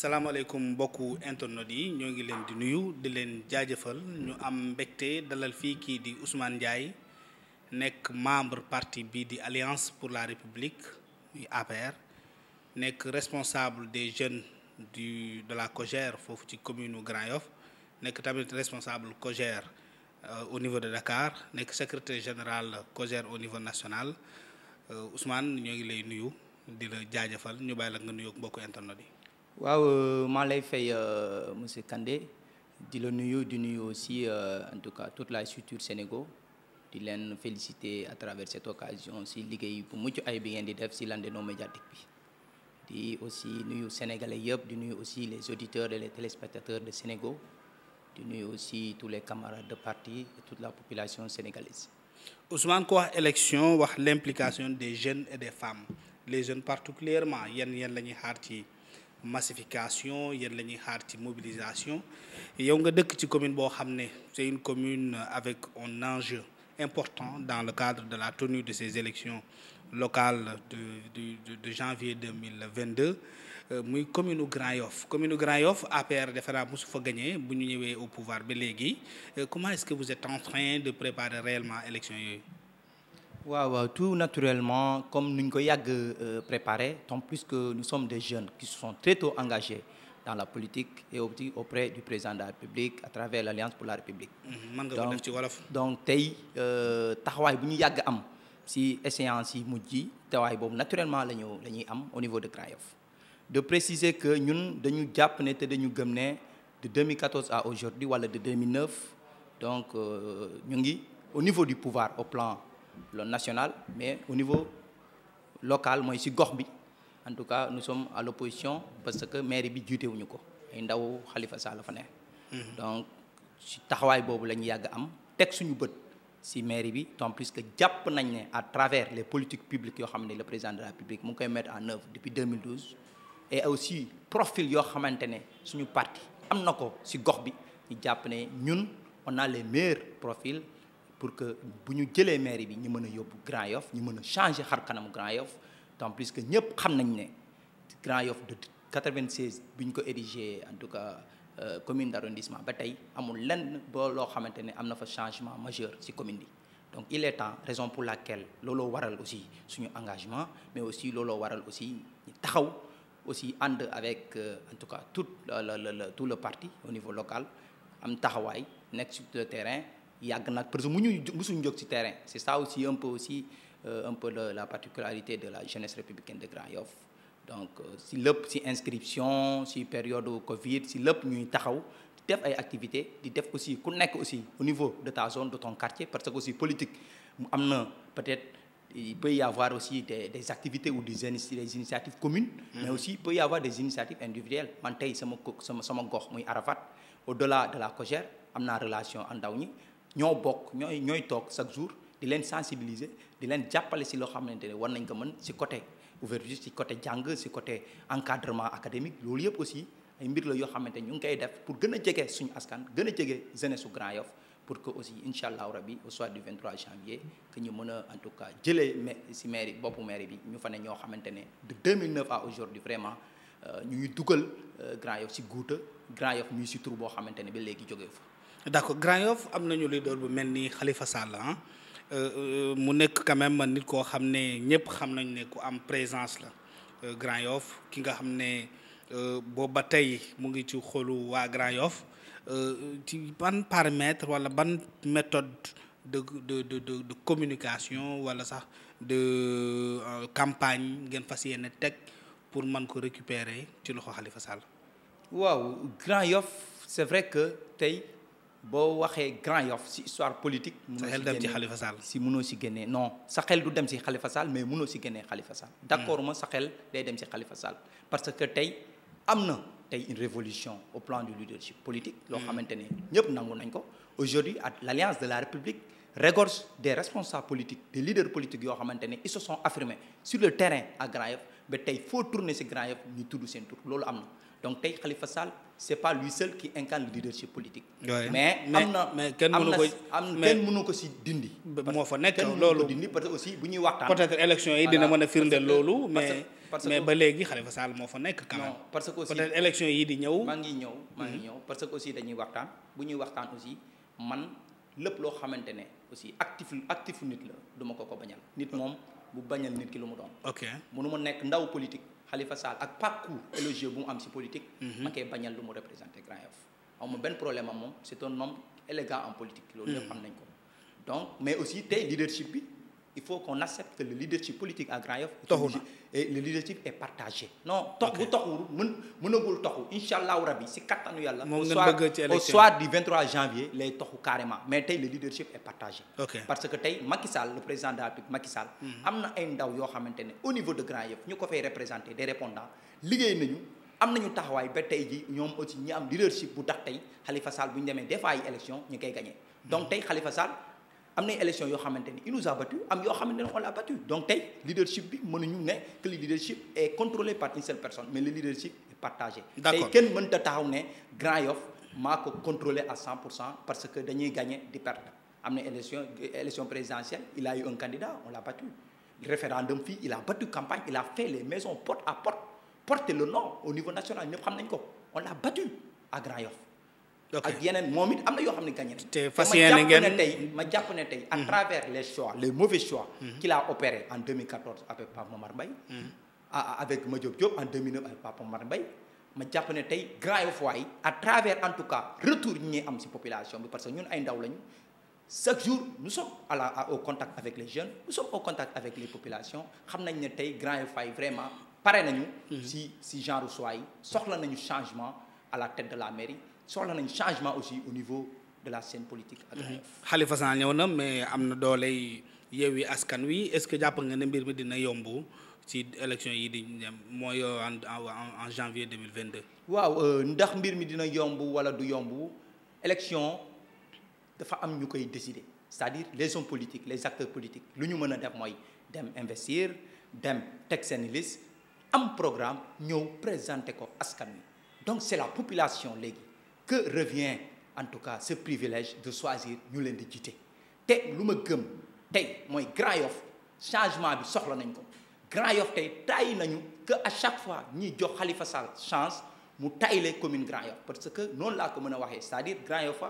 salaamaaleykum mbokku internet yi ñoo ngi leen di nuyu di leen jaajëfal ñu am mbégte dalal fii kii di Ousmane Ndiaye nekk membre parti bi di Alliance pour la République muy APR nekk responsable des jeunes du de la COJER foofu ci commune u Grand Yoff nekk tamit responsable COJER euh, au niveau de Dakar nekk secretaire général COJER au niveau national euh, Ousmane ñoo ngi lay nuyu di la jaajëfal ñu bàyyi la nga nuyoog mbokku internet yi waaw euh, maa lay fay euh, monsieur kande di la nuyu di nuyu aussi euh, en tout cas toute la structure Sénégal di leen féliciter à travers cette occasion si liggéey bu mucc ay bi ngeen di def si lendemain médiatique bi di aussi nuyu sénégalais yëpp di nuyu aussi les auditeurs et les téléspectateurs de Sénégal di nuyu aussi tous les camarades de parti et toute la population sénégalaise. Ousmane ko wax élection wax l'implication des jeunes et des femmes les jeunes particulièrement yéen yéen la ñuy xaar massification yéen la ñuy xaar ci mobilisation yow nga dëkk ci commune boo xam ne c'est une commune avec un enjeu important dans le cadre de la tenue de ces élections locales de de de janvier 2022 euh, muy commune u Grand Yoff commune u Grand Yoff APR defe naa mosu fa gagné bu ñu ñëwee au pouvoir ba léegi euh, comment est-ce que vous êtes en train de préparer réellement élection yooyu waaw waaw tout naturellement comme nuñ ko yàgg euh, préparé tant plus que nous sommes des jeunes qui se sont très tôt engagés dans la politique et aussi auprès du président de la République à travers l'Alliance pour la République. Mmh, nga ci wolof donc tey euh, taxawaay bu ñu yàgg am si échéance yi mujj yi taxawaay boobu naturellement la ñu la am au niveau de Grand Yoff de préciser que ñun dañu jàpp ne te dañu gëm ne de 2014 à aujourd'hui wala de 2009 donc euh, ñu ngi au niveau du pouvoir au plan. le national mais au niveau locale mooy si gox bi en tout cas nous sommes à l'opposition parce que maire bi jiitewuñu ko ay ndaw Khalifa Sall fa mhm. donc si taxawaay boobu la ñu yàgg am teg suñu bët si maire bi tant plus que jàpp nañ ne à travers les politiques publiques yoo xam ne le président de la République mu ngi koy mettre en œuvre depuis 2012 et aussi profil yoo xamante ne suñu partie am na ko si gox bi ñu jàpp ne ñun on a les meilleurs profils pour que bu ñu jëlee mairie bi ñu mën a yóbbu Grand Yoff ñu mën a changer xar kanamu Grand Yoff tant plus que ñëpp xam nañ ne Grand Yoff de 96 bi ñu ko érigé en tout cas euh, commune d'arrondissement ba tey amul lenn boo loo xamante ne am na fa changement majeur ci commune bi donc il est temps raison pour la laquelle looloo waral aussi suñu engagement mais aussi looloo waral aussi ñu taxaw aussi ànd avec euh, en tout cas tout le tout le parti au niveau local am taxawaay nekk sur terrain yàgg nag parce que mu ñu musuñu jóg ci terrain c'est ça aussi un peu aussi euh, un peu la, particularité de la jeunesse républicaine de Grand Yoff donc euh, si lépp si inscription si période Covid si lépp ñuy taxaw di def ay activité di def aussi ku nekk aussi au niveau de ta zone de ton quartier parce que aussi politique mu am na peut-être il peut y avoir aussi des des activités ou des des initiatives communes. Mm-hmm. mais aussi il peut y avoir des initiatives individuelles sama sama sama muy Arafat au de la COJER am naa relation ak ndaw ñoo bokk ñooy ñooy toog chaque jour di leen sensibiliser di leen jàppale si loo xamante ne war nañ ko mën si côté ouverture si côté jàng si côté encadrement académique loolu yëpp aussi ay mbir la yoo xamante ne ñu ngi koy def pour gën a jege suñu askan gën a jege jeunesse su Grand Yoff pour que aussi incha allah rabi au soir du 23 janvier que ñu mën a en tout cas jëlee ma si mairie boppu mairie bi ñu fa ne ñoo xamante ne de 2009 à aujourd'hui vraiment euh, ñu ngi dugal euh, Grand Yoff si guuta Grand Yoff ñuy si boo xamante ne ba léegi jógee fa. d'accord Grand Yoff am nañu leader bu mel ni Khalifa Sall ah euh, euh, mu nekk quand même nit koo xam ne ñëpp xam nañ ne ku am présence la euh, Grand Yoff ki nga xam ne boobu ba tey mu ngi ci xolu waa Grand Yoff ci ban paramètre wala ban méthode de de de communication wala sax de campagne ngeen fas yéene teg pour mën ko récupérer ci loxo Khalifa Sall. waaw Grand Yoff c'est vrai que tey. boo waxee Grand Yoff si histoire politique. sa xel dem ci si mënoo si génnee non sa xel du dem si Khalifa Sall mais mënoo si génnee Khalifa Sall. Hmm. d'accord ma sa xel day dem si xalifa Sall parce que tey am na tey une révolution au plan du leadership politique. loo hmm. xamante ne ñëpp nangu nañ ko. aujourd'hui at l'alliance de la République regorge des responsables politiques des leaders politiques yoo xamante ne ils se sont affirmés sur le terrain à Grand Yoff ba tey foo tourner si Grand Yoff ñu tudd seen loolu am na c'est pas lui seul qui incarne le leadership politique. Ouais. mais am na mais kenn mënu ko am na si dindi. moo fa nekk loolu parce que aussi bu ñuy waxtaan. peut-être yi a firndeel loolu. mais mais ba léegi Khalifa Sall moo fa nekk. quand même non parce que aussi peut-être di ñëw. maa ngi ñëw maa ngi mhm. ñëw parce que aussi dañuy waxtaan bu ñuy waxtaan aussi man lépp loo xamante ne aussi actif actif nit la duma ko ko bañal. nit moom bu bañal nit ki lu mu doon. ok mënu ma nekk ndaw politique. Khalifa Sall ak parcours élogieux bu mu am si politique. Mhm. ma koy bañal lu mu représenté Grand Yoff. amul benn problème moom c' un homme élégant en politique. loolu yëpp mhm. xam nañ ko donc mais aussi tey leadership bi. il faut qu'on accepte que le leadership politique à Grand Yoff toxu et le leadership est partagé non tox bu toxul mën mënagul toxu insha allahu rabi si kattanu yàlla au soir du janvier lay toxu carrément mais tey le leadership est partagé parce que tey Macky Sall le président de la République mhm. am na ay ndaw yoo xamante ne au niveau de Grand Yoff ñu ko fay représenter des répondants liggéey nañu am nañu taxawaay ba tey jii ñoom aussi ñi am leadership bu tax tey Khalifa Sall bu ñu demee des fois ñu koy gagné donc mhm. am nay élection yoo xamante ni il nous a battu am yoo xamante ne on l'a battu donc tey leadership bi mënuñu ne que le leadership est contrôlé par une seule personne mais le leadership est partagé tey kenn mënta taxaw ne Grand Yoff maa ko à 100 pour cent parce que dañuy gagné di perte am na élection élection présidentielle il a eu un candidat on l'a battu le référendum fii il a battu campagne il a fait les maisons porte à porte porter le nom au niveau ñëpp xam nañ ko on l'a battu à ak yeneen moom it am na yoo xam ne gagné na. ngeen ma jàpp ne tey ma jàpp ne tey. à mhm. travers les choix les mauvais choix. Mhm. qu'il a opéré en 2014 avec Pape Momar Mbaye. Mhm. avec Madiop Diop en 2009 avec Pape Momar ma jàpp ne tey Grand Yoff waay à travers en tout cas retour ñi ñuy am si population bi parce que ñun ay ndaw lañu chaque jour nous sommes à la au contact avec les jeunes nous sommes au contact avec les populations xam nañ ne tey Grand Yoff waay vraiment pare nañu. ci si genre choix yi soxla nañu changement à la de la mairie. soxla nañ changement aussi au niveau de la scène politique. ak mm-hmm. Khalifa Sall ñëw na mais am na doole dooley yi Askan Wi est-ce que jàppal nga ne mbir mi dina yomb ci élection yi di ñem mooy en en janvier 2022. waaw euh, ndax mbir mi dina yomb wala du yomb élection dafa am ñu koy décider c'est-à-dire les hommes politiques les acteurs politiques lu ñu mën a def mooy dem investir dem teg seen liste am programme ñëw présenter ko askan wi donc c'est la population léegi. que revient en tout cas ce privilège de choisir ñu leen di jiite te lu ma gëm tey mooy Grand Yoff changement bi soxla nañ ko Grand Yoff tey tàyyi nañu que à chaque fois ñi jox xalifa Sall chance mu tayle commune Grand Yoff parce que noonu laa ko mën a waxee c'est-à-dire Grand Yoff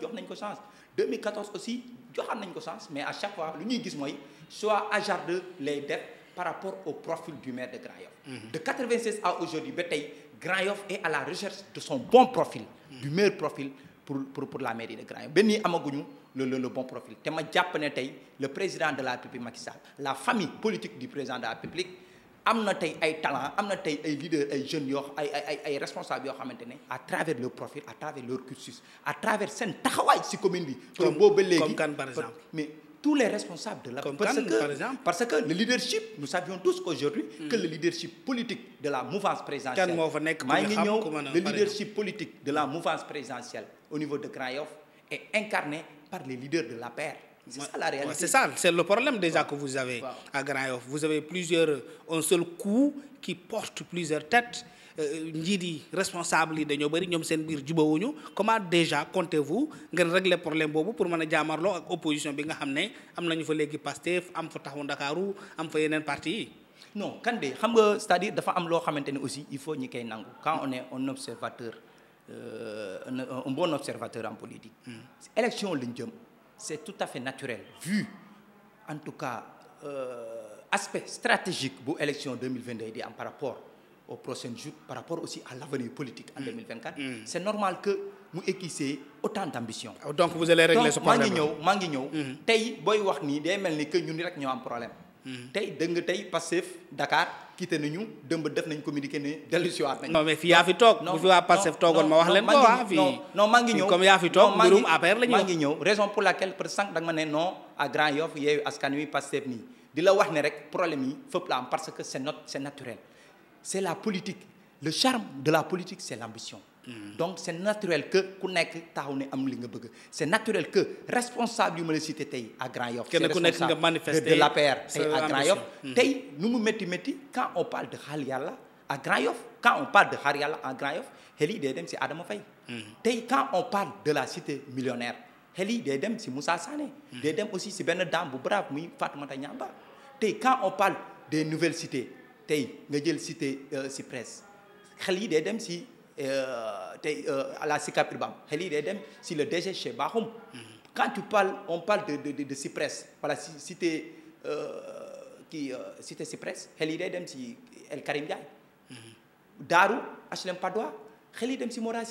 jox nañ ko chance 2014 aussi joxaat nañ ko chance mais à chaque fois lu ñuy gis mooy soit hasardeux lay def par rapport au profil du maire de Grand Yoff. Mm-hmm. de 96 à aujourd'hui tey. Grand Yoff est à la recherche de son bon profil du meilleur profil pour pour la mairie de Grand Yoff ba nii amaguñu le le le bon profil te ma jàpp ne tey le président de la République Macky la famille politique du président de la République am na tey ay talent am na tey ay leaders ay jeune yoo ay ay ay responsables yoo xamante ne travers leur profil à travers leur cursus à travers seen taxawaay si commune bi. comme boobu ba léegi mais. tous les responsables de la Comme parce que par que le leadership nous savions tous qu'aujourd'hui mm. que le leadership politique de la mouvance présidentielle moo le leadership politique de la mouvance présidentielle au niveau de Grand Yoff est incarné par les leaders de la paire c'est ça c'est le problème déjà que vous avez à Grand Yoff vous avez plusieurs euh, un qui porte plusieurs têtes Euh, njiit yi responsable yi dañoo bëri ñoom seen biir jubawuñu comment déjà comptez-vous ngeen régler problème boobu pour mën a jaamarloo ak opposition bi nga xam ne am nañu fa léegi Pastef am fa taxawu Ndakaaru am fa yeneen parti yi non kan de xam nga cest à dafa am loo xamante ne aussi il faut ñi koy nangu quand on est un observateur euh, un, un bon observateur en politique hmm. élection lañ jëm c'est tout à fait naturel vu en tout cas euh, aspect stratégique bu élection 2022 di am par rapport aux prochaines joutes par rapport aussi à l'avenir politique en 2024. Mm. Mm. c'est normal que mu aiguiser autant d'ambition. Oh, donc vous ñëw mm. tey booy wax nii day mel ni que ñun rek ñoo am problème. tey dégg tey Pastef Dakar quitté nañu dëmb def nañ communiqué ne dellu si waat nañ. non mais ñëw yaa fi toog mbirum APR ñëw raison pour laquelle peut être sànq da ne non à Grand Yoff Yewwi Askan Wi Pastef nii di la wax ne rek problème yi fépp la am parce que c'est not c'est naturel c'est la politique le charme de la politique c'est l'ambition mm. donc c'est naturel que ku nekk taxaw ne am li nga bëgg c'est naturel que responsable yu ma la cité tey à Grand Yoff kenn ku nekk nga manifester de l'APR tey à Grand Yoff mm. tey nu mu métti métti quand on parle de xaal yàlla à Grand Yoff quand on parle de xaar yàlla à Grand Yoff xel yi dem si Adama Faye mm. tey quand on parle de la cité millionnaire xel yi day dem si Moussa Sané day dem aussi si benn dame bu brave muy Fatoumata Niamba tey quand on parle des nouvelles cités tey nga jël cité si euh, presse xel yi day dem si euh, tey euh, à la SICAP Urbam xel yi day dem si le DG chez Bakhoum mm-hmm. quand tu parles on parle de de de, de Cyprès si cité kii cité Cyprès xel yi day dem si El Karim Ndiaye. Mm-hmm. Daaru HLM Padois xel yi dem si Mora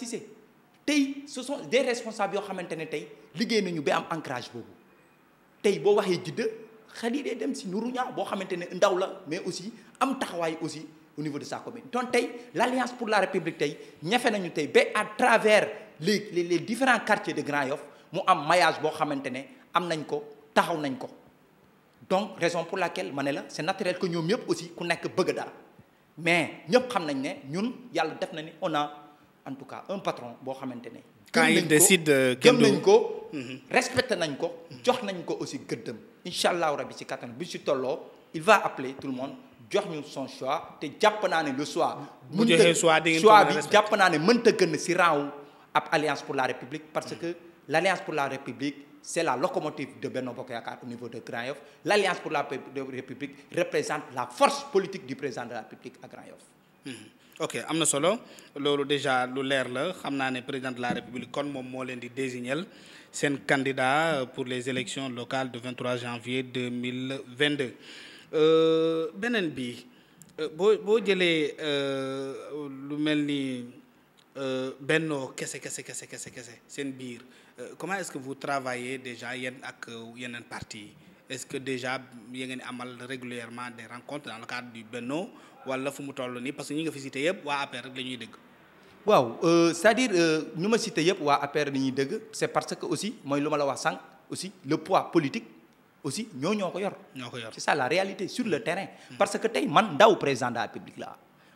tey ce sont des responsables yoo xamante ne tey liggéey nañu ba am ancrage boobu tey boo waxee Jidda xel yi day dem si nuru ñaaw boo xamante ne ndaw la mais aussi am taxawaay aussi au niveau de sa commune donc tey l'alliance pour la république tey ñafe nañu tey ba à travers les les, les différents quartiers de Grand Yoff mu am mayage boo xamante ne am nañ ko taxaw nañ ko donc raison pour laquelle ma ne la c'est naturel que ñoom ñëpp aussi ku nekk bëgg dara mais ñëpp xam nañ ne ñun yàlla def na ni on a en tout cas un patron boo xamante ne. quand il décide euh, gëm nañ ko respecté nañ ko jox nañ ko aussi gëddëm incha allahu rabi ci kattan bu ci tolloo il va appeler tout le monde jox ñu son choix te jàpp naa ne le choix. bu joxee choix bi jàpp naa ne mënta gën si rang ab alliance pour la république parce que l' alliance pour la république c' est la locomotive de Benno Bokk Yaakaar au niveau de Grand Yoff l' alliance pour la république représente la force politique du président de la république à Grand Yoff. Mm-hmm. ok am na solo loolu déjà lu leer la xam naa ne président de la république kon moom moo leen di désigner. seen candidat euh, pour les élections locales de 23 janvier 2022 euh, beneen bi euh, boo boo jëlee lu mel ni bennoo kese kese kese kese kese seen biir comment est-ce que vous travaillez déjà yéen ak yeneen parti yi est-ce que déjà ya ngeen amal régulièrement des rencontres dans le cadre du bennoo wala fu mu toll nii parce que ñi nga fi cité yëpp waa APR rek la ñuy dégg waaw euh, c'est-à-dire ñu euh, ma cité yëpp waa APR ni ñuy dëgg c'est parce que aussi mooy lu ma la wax sànq aussi le poids politique aussi ñoo ñoo ko yor. ñoo ko yor c'est ça la réalité sur le terrain. Hmm. parce que tey man ndaw président de la République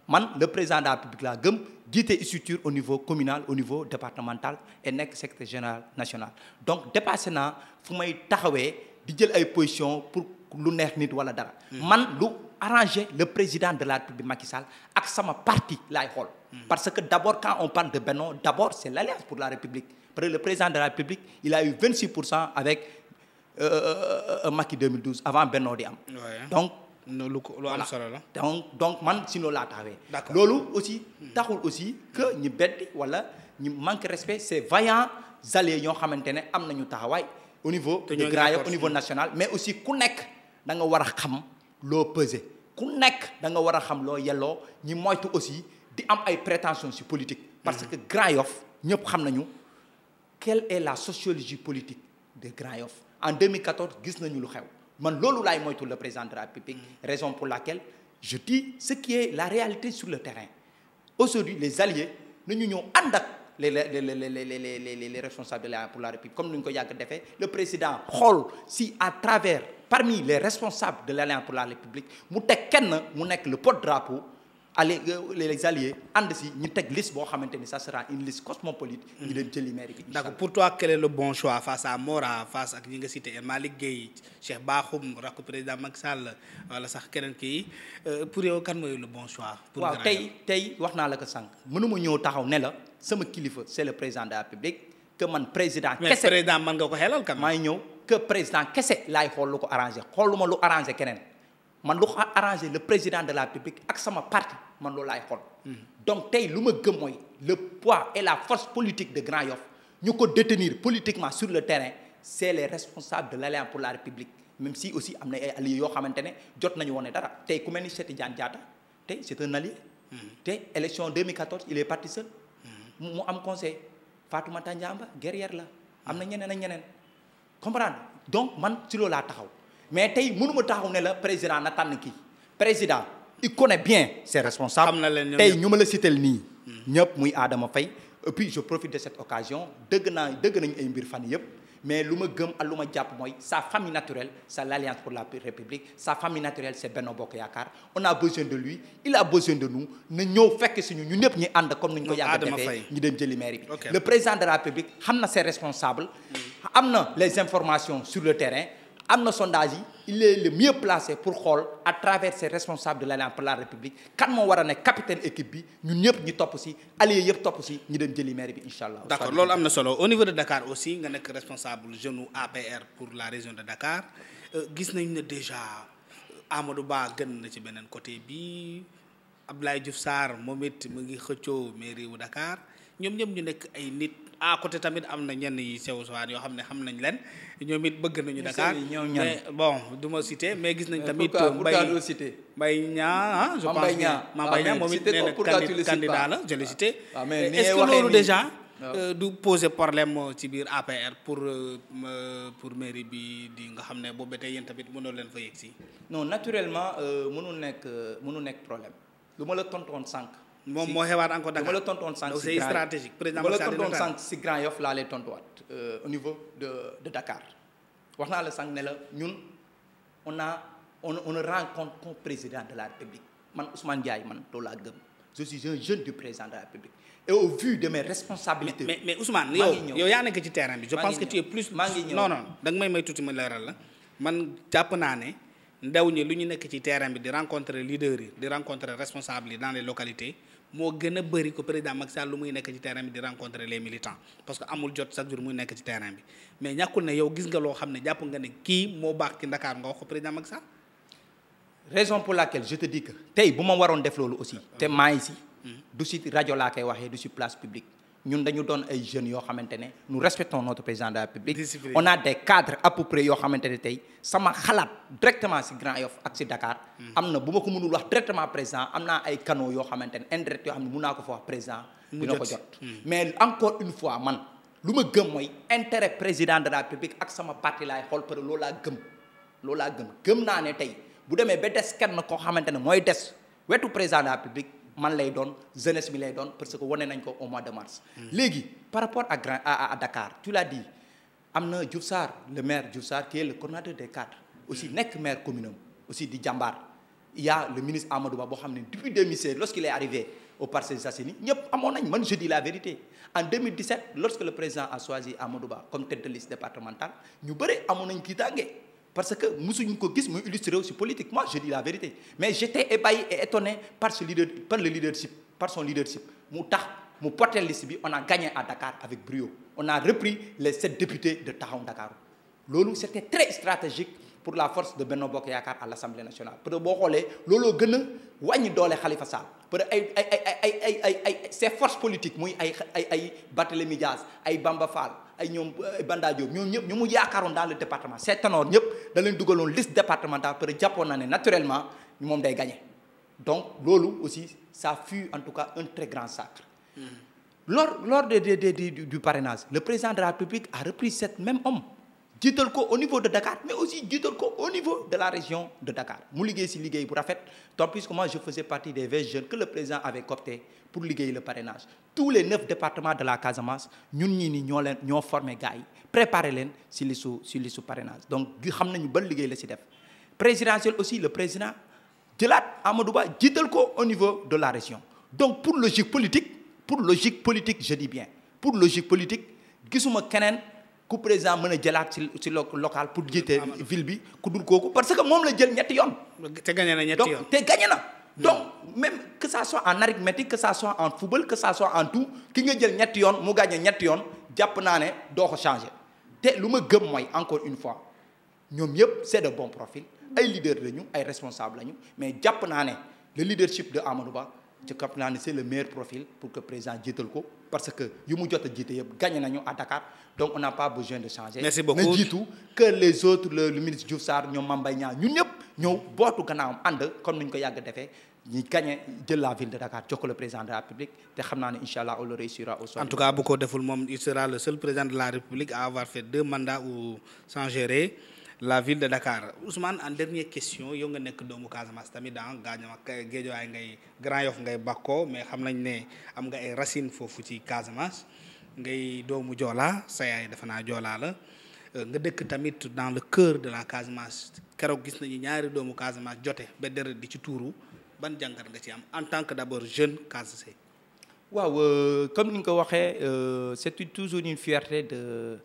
man le président de la République laa gëm jiite structure au niveau communal au niveau départemental et nekk secrétaire général national donc dépassé na fu may taxawee di jël ay position pour lu neex nit wala dara. Hmm. man lu arranger le président de la République Macky Sall ak sama parti laay xool. Mm. Parce que d'abord, quand on parle de Benno, d'abord, c'est l'Alliance pour la République. Le président de la République, il a eu 26% avec euh, euh, euh, euh Macky 2012, avant Benno di am. Ouais. Donc, lu ko lu am solo donc man si loolu laa taxawee. loolu aussi mm. taxul aussi que ñi bedd wala ñu manque respect ces vaillants alliés ñoo xamante ne am nañu taxawaay. au niveau de Grand Yoff au niveau national mais aussi ku nekk da nga war a xam loo peser ku nekk da nga war a xam loo yelloo ñi moytu aussi. di am ay prétentions ci politique. parce que Grand Yoff ñëpp xam nañu quelle est la sociologie politique de Grand Yoff en 2014 gis nañu lu xew man loolu laay moytu le président de la République mm. raison pour laquelle je dis ce qui est la réalité sur le terrain aujourd'hui les alliés nañu ñëw ànd ak les les les les les responsables pour la République comme ni ñu ko yàgg defee le président xool si à travers parmi les responsables de l'Alliance pour la République mu teg kenn mu nekk le porte-drapeau. allé euh, les alliés ànd si ñu teg liste boo xamante ni ça sera une liste cosmopolite. ñu mm. dem jëli maire bi. d'accord pour toi quel est le face à Mora face ak nga cité El Malick Gueye Cheikh Bakhoum rakku président Macky Sall wala sax keneen kii euh, pour yow kan mooy le bon choix. tey tey wax naa la ko sànq mënuma ñëw taxaw ne la sama kilifa c'est le président de la man président. kese mais président nga ko xelal kan. maa ngi ñëw président kese laay xool lu ko arrangé xooluma lu arrangé keneen. man lu xa arrangé le président de la République ak sama parti man loolu laay xool. Hmm. donc tey lu ma gëm mooy le poids et la force politique de Grand Yoff ñu ko détenir politiquement sur le terrain c' est les responsables de la alliance pour la République même si aussi am na ay alliés yoo xamante ne jot nañu woon dara tey ku mel ni Cheikh Tidiane Diatta tey c' est un allié. Hmm. tey élection 2014 il est parti seul. Hmm. mu am conseil Fatoumata Ndiamba guerrière la am na ñeneen ñeneen comprendre donc man ci loolu laa taxaw. mais tey mënuma taxaw ne la président na tànn kii président il connaît bien ses responsables tey ñu ma la sital nii ñëpp muy aadama Faye et puis je profite de cette occasion dëgg naa dëgg nañu ay mbir fan yëpp mais lu ma gëm ak lu ma jàpp mooy sa famille naturelle c'est l'alliance pour la république sa famille naturelle c'est Benno Bokk Yaakaar on a besoin de lui il a besoin de nous na ñëw fekk suñu ñu ñëpp ñi ànd comme ñu ko yàgg defee ñu dem jëli mairie bi le na ses responsables mm. am na les informations sur le terrain am na sondage yi il est le mieux placé pour xool à traverse ses responsables de l'Alliance pour la République kan moo war a nekk capitaine équipe bi ñun ñëpp ñu topp si alliés yëpp topp si ñu dem jëli maire bi incha allah. d'accord loolu am na solo au niveau de Dakar aussi nga nekk responsable jeune pour la région de euh, gis nañ ne déjà euh, Amadou Ba gën na ci beneen côté bi Abdoulaye Diouf Sarr moo it mu ngi xëccoo mairie wu Dakar ñoom ñëpp ñu nekk ay nit à côté tamit am na ñenn yi sew yoo xam ne xam nañ leen. ñoom it bëgg nañu Dakar mais bon du ma cité mais gis nañ tamit Mbaye Mbaye Niang ah je pense Mame Mbaye ah, Niang moom it nee na candidat la je ah. Ah, est-ce loolu déjà euh, du pose problème euh, ci biir APR pour euh, pour mairie bi di nga xam ne boobu tey yéen tamit mënoo leen fa yegg si non naturellement mënul nekk mënul nekk problème lu ma la tontoon sànq moom moo xewaat encore Dakar lu ma la tontoon sànq si grand Yoff laa lay tontuwaat Euh, au niveau de de Dakar wax naa la sànq ne la ñun on a on on rencontre comme président de la République man Ousmane Ndiaye man loolu laa gëm je suis un jeune du président de la République et au vu de mes responsabilités. mais mais Ousmane yow yow yaa nekk ci terrain bi. je pense que tu es plus. maa ngi ñëw non non danga may may tuuti ma leeral la man jàpp naa ne. ndaw ñi lu ñu nekk ci terrain bi di rencontrer leaders yi di rencontrer responsables yi dans les localités. moo gën a bëri ko président Macky Sall lu muy nekk ci terrain bi di rencontrer les militants parce que amul jot chaque jour muy nekk ci terrain bi mais ñàkkul ne yow gis nga loo xam ne jàpp nga ne kii moo baax ci Ndakaar nga wax ko président Macky Sall. raison pour laquelle je te dis tey bu ma waroon def loolu aussi. te maa ngi si. Hmm. du si rajo laa koy waxee du si place publique. ñun dañu doon ay jeunes yoo xamante ne nous respectons notre président de la République on a des cadres à peu yoo xamante ne tey sama xalaat directement si Grand Yoff ak Dakar hmm. am na bu ma ko mënul wax directement président am na ay canaux yoo xamante ne indirect yoo xam ne mu naa ko fa wax président dina ko jot hmm. mais encore une fois man lu ma gëm mooy intérêt président de la République ak sama parti laay xool parce que loolu laa gëm loolu laa gëm gëm naa ne tey bu demee ba des kenn koo xamante ne mooy des wetu président de la République man lay doon jeunesse bi lay doon parce que wane nañ ko au mois de mars. léegi par rapport à grand à Dakar tu l'as dit am na Diouf Sarr le maire Diouf Sarr qui est le coordonnateur des cadres. aussi mm. nekk maire commune am aussi di jàmbaar. il y a le ministre Amadou boo xam ne depuis 2016 lorsqu'il est arrivé au Parcelles Assainies ñëpp amoon nañ man je dis la vérité en 2017 lorsque le président a choisi Amadou comme tête de liste départementale ñu bëri amoon nañ kii tàngee parce que musuñu ko gis mu illustré aussi politique moi je dis la vérité mais j'étais ébahi et étonné par le leadership par son leadership mu tax mu porté liste bi on a gagné à Dakar avec brio on a repris les sept députés de Taxawu Ndakaaru loolu c'était très stratégique pour la force de Benno bok Yaakaar à l'Assemblée nationale parce que boo xoolee looloo gën a wàññi doole Khalifa Sall peut ay ay ay ay ay ay ces forces politiques ay ay ay Barthélémy ay Bamba Fall ay ñoom Banda ñoom ñëpp ñu mu yaakaaroon dans le département ces ténors ñëpp da leen dugaloon liste départementale peut jàppoon na ne naturellement moom day gagné donc loolu aussi ça fut en tout cas un très grand sacre. Mm-hmm. lors lors de de de du parrainage le président de la République a repris cet même homme. jiital ko au niveau de Dakar mais aussi jiital ko au niveau de la région de Dakar mu liggéey si liggéey bu rafet tant plus que moi je faisais partie des vingt jeunes que le président avait coopté pour liggéey le parrainage tous les neuf départements de la Casamance ñun ñii ni ñoo leen ñoo formé gars yi préparé leen si li su si li su parrainage donc xam nañu ban liggéey la si def présidentiel aussi le président jëlaat Amadou Ba jiital ko au niveau de la région donc pour logique politique pour logique politique bien pour logique politique gisuma keneen ku président mën a jëlaat ci ci local pour jiite ville bi ku dul kooku parce que moom la jël ñetti yoon. te gagné na ñetti yoon te hmm. donc même que ça soit en arithmétique que ça soit en football que ça soit en tout ki nga jël ñetti yoon mu gagné ñetti yoon jàpp naa ne doo ko changé te lu ma gëm mooy encore une fois ñoom yëpp c'est de bon profil ay leader lañu ay responsable lañu mais jàpp naa ne le leadership de Amadou Ba. ci cap naa ne c'est le meilleur profil pour que président jiital ko parce que yu mu jot a jiite yëpp gagné nañu à Dakar donc on n'a pas besoin de changer. merci beaucoup que les autres le ministre Diouf Sarr ñoom Mame Mbaye ñun ñëpp ñëw bootu gannaawam ànd comme ni ñu ko yàgg defee ñu gagné jël la ville de Dakar jox ko le président de la République te xam naa ne incha allah on le réussira au sommet. en tout cas bu ko deful moom il sera le seul président la ville de Dakar Ousmane en dernière question yow nga nekk doomu Casamance tamit dans ah, Gagnyama Géejawaay ngay Grand Yoff ngay bakkoo mais xam nañ ne am nga ay racines foofu ci Casamance ngay doomu Joola sa yaay defe naa Joola la euh, nga dëkk tamit dans le cœur de la Casamance keroog gis nañu ñaari doomu Casamance jote ba deret di ci tuuru ban jàngat nga ci am en tant que d'abord jeune Casamançais. waaw euh, comme ni nga ko waxee euh, c'est toujours une fierté de.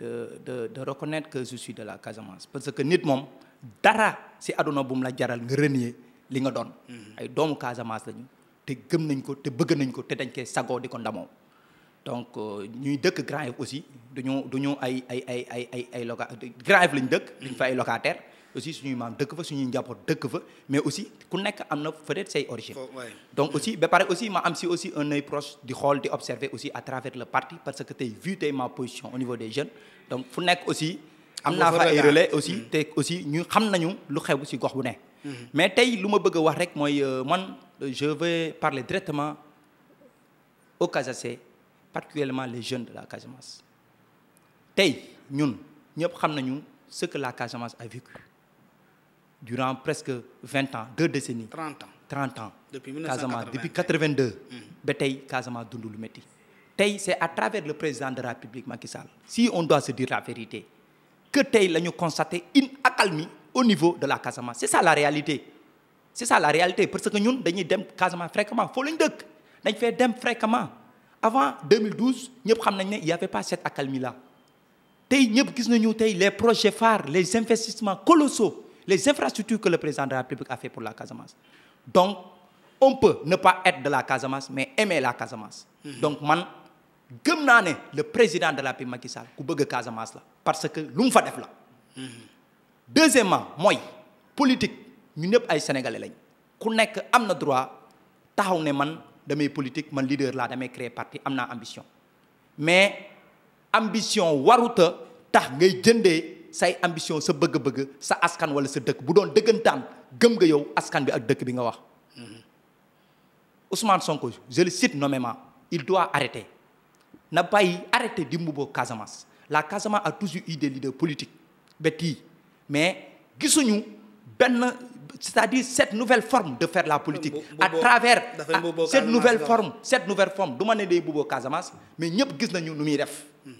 de de de reconnaître que je suis de la Casamance parce que nit moom dara si àdduna bu mu la jaral nga renier li nga doon. Mm-hmm. ay doomu Casamance lañu te gëm nañ ko te bëgg nañ ko te dañ koy sagoo di ko ndamoo donc euh, ñuy dëkk Grand Yoff aussi du duñu ay ay ay ay ay ay loca Grand Yoff lañ dëkk. duñ fa ay locataire aussi suñuy maam dëkk fa suñuy njaboot dëkk fa mais aussi ku nekk am na peut-être say origine donc aussi ba pare aussi ma am si aussi un œil proche di xool di observer aussi à travers le parti parce que tey vu tey ma position au niveau des jeunes donc fu nekk aussi am na fa ay aussi mm. te aussi ñu xam nañu lu xew si gox bu ne mm-hmm. mais tey lu ma bëgg a wax rek mooy euh, man euh, je vais parler directement au Casacé particulièrement les jeunes de la Casamance tey ñun ñëpp xam nañu ce que la Casamance durant presque vingt ans deux décennies. trente ans trente ans. depuis 1982 Casamance depuis 82. Mhm. ba tey Casamance dund lu métti. tey c' à travers le président de la République Macky Sall. si on doit se dire la vérité que tey la ñu constaté une accalmie au niveau de la Casamance c' ça la réalité. c' est ça la réalité parce que ñun dañuy dem Casamance fréquemment foo lañu dëkk dañ fay dem fréquemment avant 2012 ñëpp xam nañ ne il y avait pas cette a là tey ñëpp gis nañu tey les projets phares les investissements colossaux les infrastructures que le président de la République a fait pour la Casamance. Donc, on peut ne pas être de la Casamance, mais aimer la Casamance. Mhm. Donc, man, gëm naa ne le président de la République Macky Sall ku bëgg Casamance la parce que lu mu fa def la. Mhm. deuxièmement mooy politique ñu ñëpp ay sénégalais lañ ku nekk am na droit taxaw ne man damay politique man leader laa damay créer parti am naa ambition mais ambition waruta tax ngay jëndee. say ambition sa bëgg-bëgg sa askan wala sa dëkk bu doon dëggantaan gëm nga yow askan bi ak dëkk bi nga wax mm-hmm. Ousmane Sonko je le cite nommément il doit arrêter na bàyyi arrêter di mbubboo Casamance la casaman a toujours eu des leaders politiques béti mais gisuñu benn c'est-à-dire cette nouvelle forme de faire la politique à travers ah, cette nouvelle forme cette nouvelle forme du ma ne day bubboo Casamance mais ñëpp gis nañu nu muy def mm.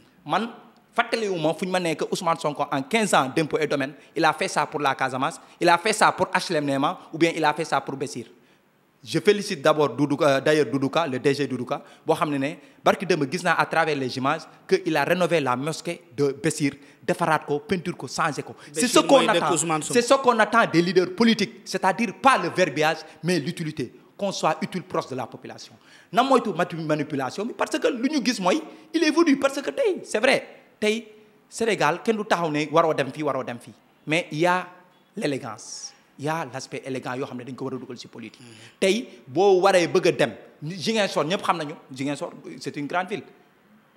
fàttaliwuma fu ñu ma nekk Ousmane Sonko en 15 ans d'impôts et domaines il a fait ça pour la Casamance il a fait ça pour HLM Néma ou bien il a fait ça pour Bessir je félicite d'abord euh, d'ailleurs Doudouka le DG Doudouka boo xam ne ne barki démb gis na à travers les images que il a rénové la mosquée de Bessir defaraat ko peinture ko changé ko c'est ce qu'on attend c'est ce qu'on attend des leaders politiques c'est-à-dire pas le verbiage mais l'utilité qu'on soit utile proche de la population na manipulation bi que lu ñu gis mooy parce que tey Sénégal kenn du taxaw ne waroo dem fii waroo dem fii mais il y a l'élégance il y l'aspect élégant yoo xam ne dañ ko war a dugal ci politique. Mm-hmm. tey boo waree bëgg a dem Ziguinchor ñëpp xam nañu Ziguinchor c'est une grande ville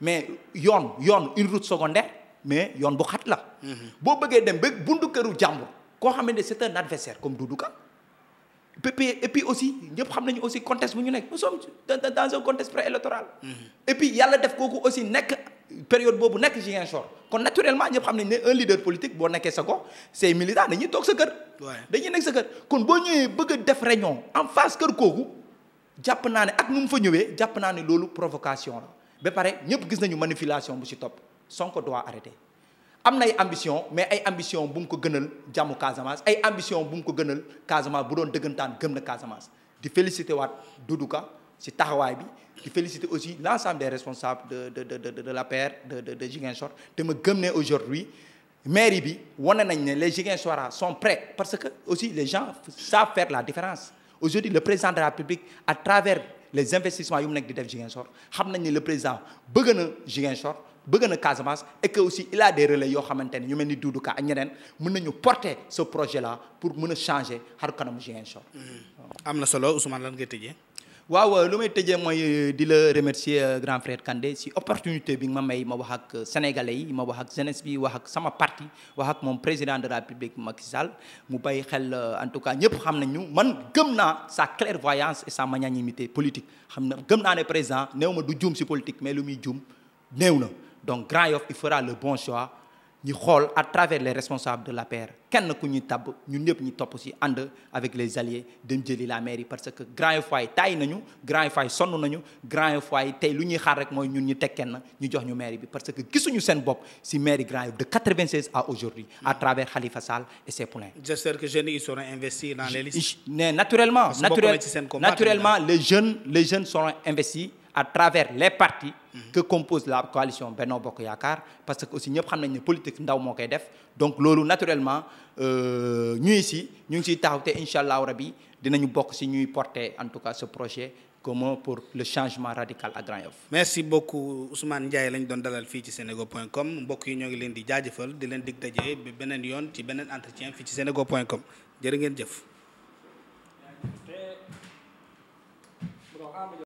mais yoon yoon une route mais yoon bu xat la. Mm-hmm. boo bëggee dem ba buntu këru jàmbur koo xam ne c'est un adversaire comme Doudou Ka et puis aussi ñëpp xam nañu aussi contexte bu ñu nekk nous sommes dans un contexte préélectoral. Mm-hmm. et puis yàlla def kooku aussi nekk. période boobu nekk Ziguinchor kon naturellement ñëpp xam nañ ne un leader politique boo nekkee sa gox say militants dañuy toog sa kër. dañuy nekk sa kër kon boo ñëwee bëgg a def réunion en face kër kooku jàpp naa ne ak nu mu fa ñëwee jàpp naa ne loolu provocation la ba pare ñëpp gis nañu manipulation bu si topp Sonko doit arrêter. am na ay ambition mais ay ambition bu mu ko gënal jàmmu Casamance ay ambition bu mu ko gënal Casamance bu doon dëggantaan gëm na Casamance di félicité waat Doudou Ka ci taxawaay bi. di féliciter aussi l'ensemble des responsables de de de de de la paire de de de Ziguinchor te ma gëm aujourd'hui mairie bi wane nañ ne les Ziguinchorois son prêts parce que aussi les gens savent faire la différence aujourd'hui le président de la République à travers les investissements yu mu nekk di def Ziguinchor xam nañu le président bëgg na Ziguinchor bëgg na Casamance et que aussi il a des relais yoo xamante ne ñu mel ni Doudou Ka ak ñeneen mën nañu porter ce projet là pour mën a changer xaru kanamu Ziguinchor. Mmh. am na solo Ousmane lan ngay tëjee. waaw lu may tëjee mooy euh, di la remercier euh, grand frère Kandé si opportunité bi ma may ma wax ak euh, sénégalais yi ma wax ak jeunesse bi wax ak sama parti wax ak moom président de la République Macky mu bay xel en tout cas ñëpp xam nañu man gëm naa sa clairvoyance et sa magnanimité politique xam na gëm naa ne président néew ma du juum si politique mais lu muy juum néew na donc Grand Yoff il fera le bon ñu xool à travers les responsables de l'APR kenn ku ñu tabb ñun ñëpp ñu topp ci ànd avec les alliés dem jëli la mairie parce que Grand Yoff waay taay nañu Grand Yoff waay sonn nañu Grand Yoff waay tey lu ñuy xaar rek mooy ñun ñu teg kenn ñu jox ñu mairie bi parce que gisuñu seen bopp ci mairie Grand Yoff de 96 à aujourd'hui à mm. travers Khalifa Sall et ses poulains. j'espère seront investis dans les jeunes seront investis. à travers les partis mhm. que compose la coalition Benno Bokk Yaakaar parce que aussi ñëpp xam nañ ne politique ndaw moo koy def donc loolu naturellement euh, ñuy si ñu ngi siy taxaw te incha allahu rabi dinañu bokk si ñuy porter en tout cas ce projet commun pour le changement radical à Grand Yoff. merci beaucoup Ousmane Ndiaye lañ doon dalal fii ci senego point com mbokk yi ñoo ngi leen di jaajëfal di leen dig daje beneen yoon ci beneen entretien fii ci senego point com jërë ngeen jëf.